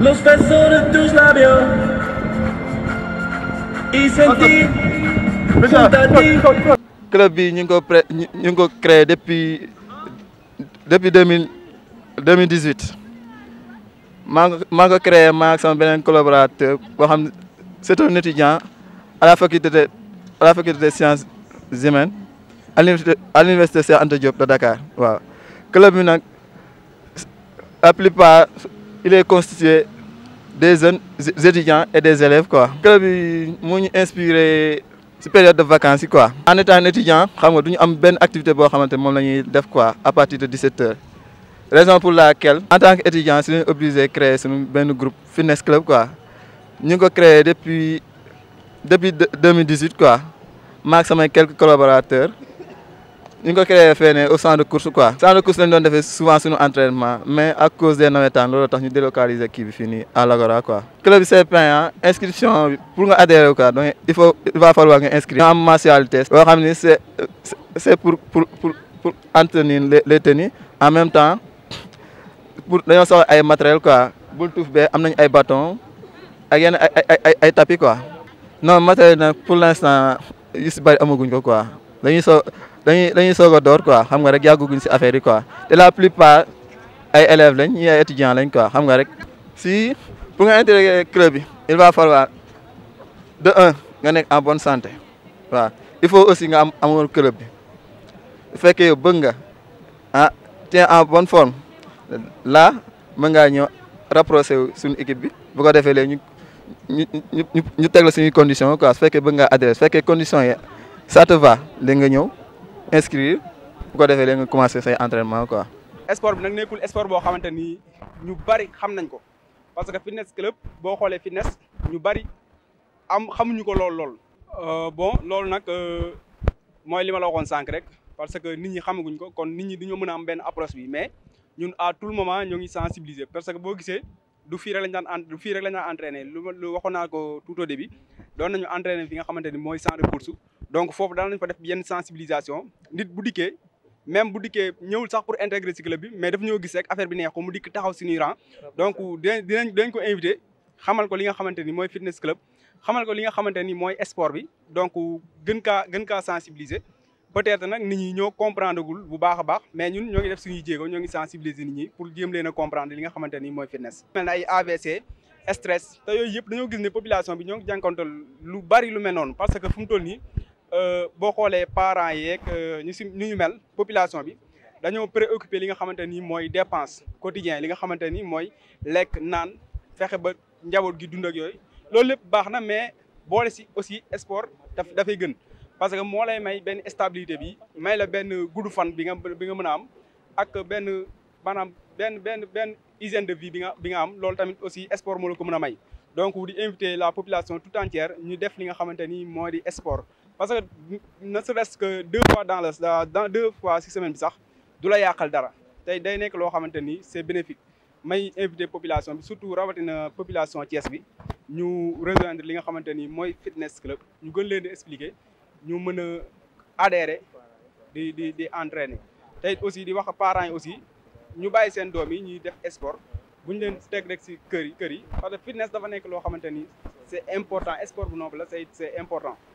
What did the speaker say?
los a ti. club bi ñu ngi ko pré ñu ngi depuis depuis deux mille deux mille dix huit maa maa ko créé maa beneen collaborateur boo xam ne c'est un étudiant à la faculté de à la faculté des sciences humaines à l'université à l'université de Dakar waaw club bi nag la plupart il est constitué des jeunes étudiants et des élèves quoi. club bi moo ñu inspiré ci période de vacances yi quoi. en étant étudiant xam nga du ñu am benn activité boo xamante moom la ñuy def quoi à partir de 17h raison pour laquelle en tant que étudiant si ñu obligé créer suñu benn groupe fitness club quoi ñu ngi ko créé depuis depuis 2018 quoi maak samay quelques collaborateurs. ñu ngi ko créé fee ne au champ de course quoi champ de course lañ doon defee souvent suñu entraînement mais à cause des nawetaan loolu tax ñu délocaliser kii bi fii nii à l'Agora quoi club bi c'est payant inscription pour nga adhérer quoi donc il faut il falloir nga inscrire nga am mensualité boo xam ni c'est c'est pour pour pour pour entretenir les les tenues en même temps pour dañoo soxla ay matériel quoi bul tuuf am nañ ay bâton ak yenn ay ay ay ay tapis quoi non matériel nag pour l'instant yu si bëri amaguñ ko quoi dañuy so dañuy dañuy soog a door quoi xam nga rek yàgguguñ si affaire yi quoi te la plupart ay élève lañ ñii ay étudiants lañ ko xam nga rek. si pour nga intégrer club bi il va falloir de un nga nekk en bonne santé waaw il faut aussi nga am amoon club bi bu fekkee bëgg nga ah te en bonne forme là mën ngaa ñëw rapproché wu suñu équipe bi bu ko defee léegi ñu. ñu ñu ñu teg la suñuy condition quoi su fekkee bëgg nga adresse su fekkee condition yi ça te va léegi nga ñëw inscrire bu ko defee léegi nga commencé say entraînement quoi. sport bi nag nekkul sport boo xamante ni ñu bari xam nañ ko parce que fitness club boo xoolee fitness ñu bari am xamuñu ko lool lool. Euh, bon loolu nag euh, mooy li ma la waxoon rek parce que nit ñi xamaguñ ko kon nit ñi dañoo mën a am benn approche bi mais ñun à tout le moment ñoo ngi sensibiliser parce que boo gisee du fii rek lañ daan du fii rek lañ daan entraîner lu ma lu waxoon naa ko tout au début doon nañu entraîner fi nga xamante ni mooy centre de donc foofu daal nañ fa def yenn sensibilisation nit bu dikkee même bu dikkee ñëwul sax pour intégrer ci club bi mais daf ñoo gis rek affaire bi neex mu dikk taxaw suñuy rang donc dinañ dinañ ko invité xamal ko li nga xamante ni mooy fitness xamal ko li nga xamante ni mooy sport bi donc gën kaa gën kaa sensibiliser peut-être nag nit ñi ñoo comprendre bu baax a baax mais ñun ñoo ngi def ñoo ngi sensibiliser nit ñi pour jéem leen a comprendre xamante ni mooy fitness mel te yooyu yëpp dañoo gis ne population bi ñoo ngi jànkonteel lu bari lu mel noonu parce que fu mu toll nii Euh, boo xoolee parents yeeg euh, ñu si ñu mel population bi dañoo préoccupé li nga xamante ni mooy dépense quotidien li nga xamante ni mooy lekk naan fexe ba njaboot gi dund ak yooyu loolu lépp baax na mais boole si aussi sport daf dafay gën parce que moo lay may benn stabilité bi may la benn gudd fan bi nga bi nga mën a am ak benn maanaam benn benn benn hygiène de vie bi nga bi nga am loolu tamit aussi sport moo la ko mën a may donc di inviter la population tout entière ñu def li nga xamante ni moo di sport parce que ne serait-ce que deux fois dans la dans deux fois si semaine bi sax du la yàqal dara tey day nekk loo xamante ni c'est bénéfique may invité population bi surtout rawatina population Thiès bi ñu rejoindre li nga xamante ni mooy fitness club ñu gën leen di expliquer ñu mën a adhérer di di di entraîner tey aussi di wax parents yi aussi ñu bàyyi seen doom yi ñuy def sport bu ñu leen teg rek ci kër yi kër yi parce que fitness dafa nekk loo xamante ni c'est important sport bu noble la c'est c'est